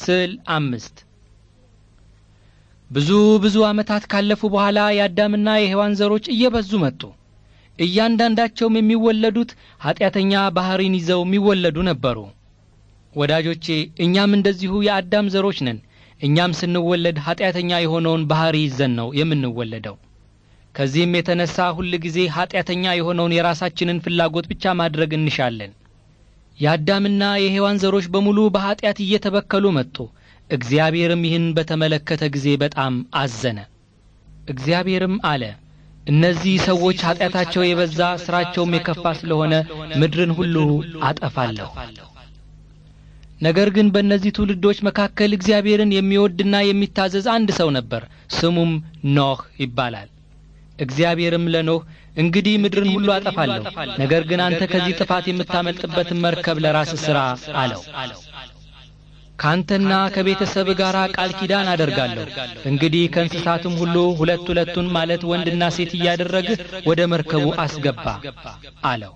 ስዕል አምስት ብዙ ብዙ ዓመታት ካለፉ በኋላ የአዳምና የሔዋን ዘሮች እየበዙ መጡ። እያንዳንዳቸውም የሚወለዱት ኀጢአተኛ ባሕሪን ይዘው የሚወለዱ ነበሩ። ወዳጆቼ እኛም እንደዚሁ የአዳም ዘሮች ነን። እኛም ስንወለድ ኀጢአተኛ የሆነውን ባሕሪ ይዘን ነው የምንወለደው። ከዚህም የተነሣ ሁል ጊዜ ኀጢአተኛ የሆነውን የራሳችንን ፍላጎት ብቻ ማድረግ እንሻለን። የአዳምና የሔዋን ዘሮች በሙሉ በኀጢአት እየተበከሉ መጡ። እግዚአብሔርም ይህን በተመለከተ ጊዜ በጣም አዘነ። እግዚአብሔርም አለ፣ እነዚህ ሰዎች ኀጢአታቸው የበዛ ሥራቸውም የከፋ ስለሆነ ምድርን ሁሉ አጠፋለሁ። ነገር ግን በእነዚህ ትውልዶች መካከል እግዚአብሔርን የሚወድና የሚታዘዝ አንድ ሰው ነበር። ስሙም ኖህ ይባላል። እግዚአብሔርም ለኖህ እንግዲህ ምድርን ሁሉ አጠፋለሁ፣ ነገር ግን አንተ ከዚህ ጥፋት የምታመልጥበትን መርከብ ለራስ ሥራ አለው። ካንተና ከቤተሰብ ጋር ቃል ኪዳን አደርጋለሁ። እንግዲህ ከእንስሳትም ሁሉ ሁለት ሁለቱን ማለት ወንድና ሴት እያደረግህ ወደ መርከቡ አስገባ አለው።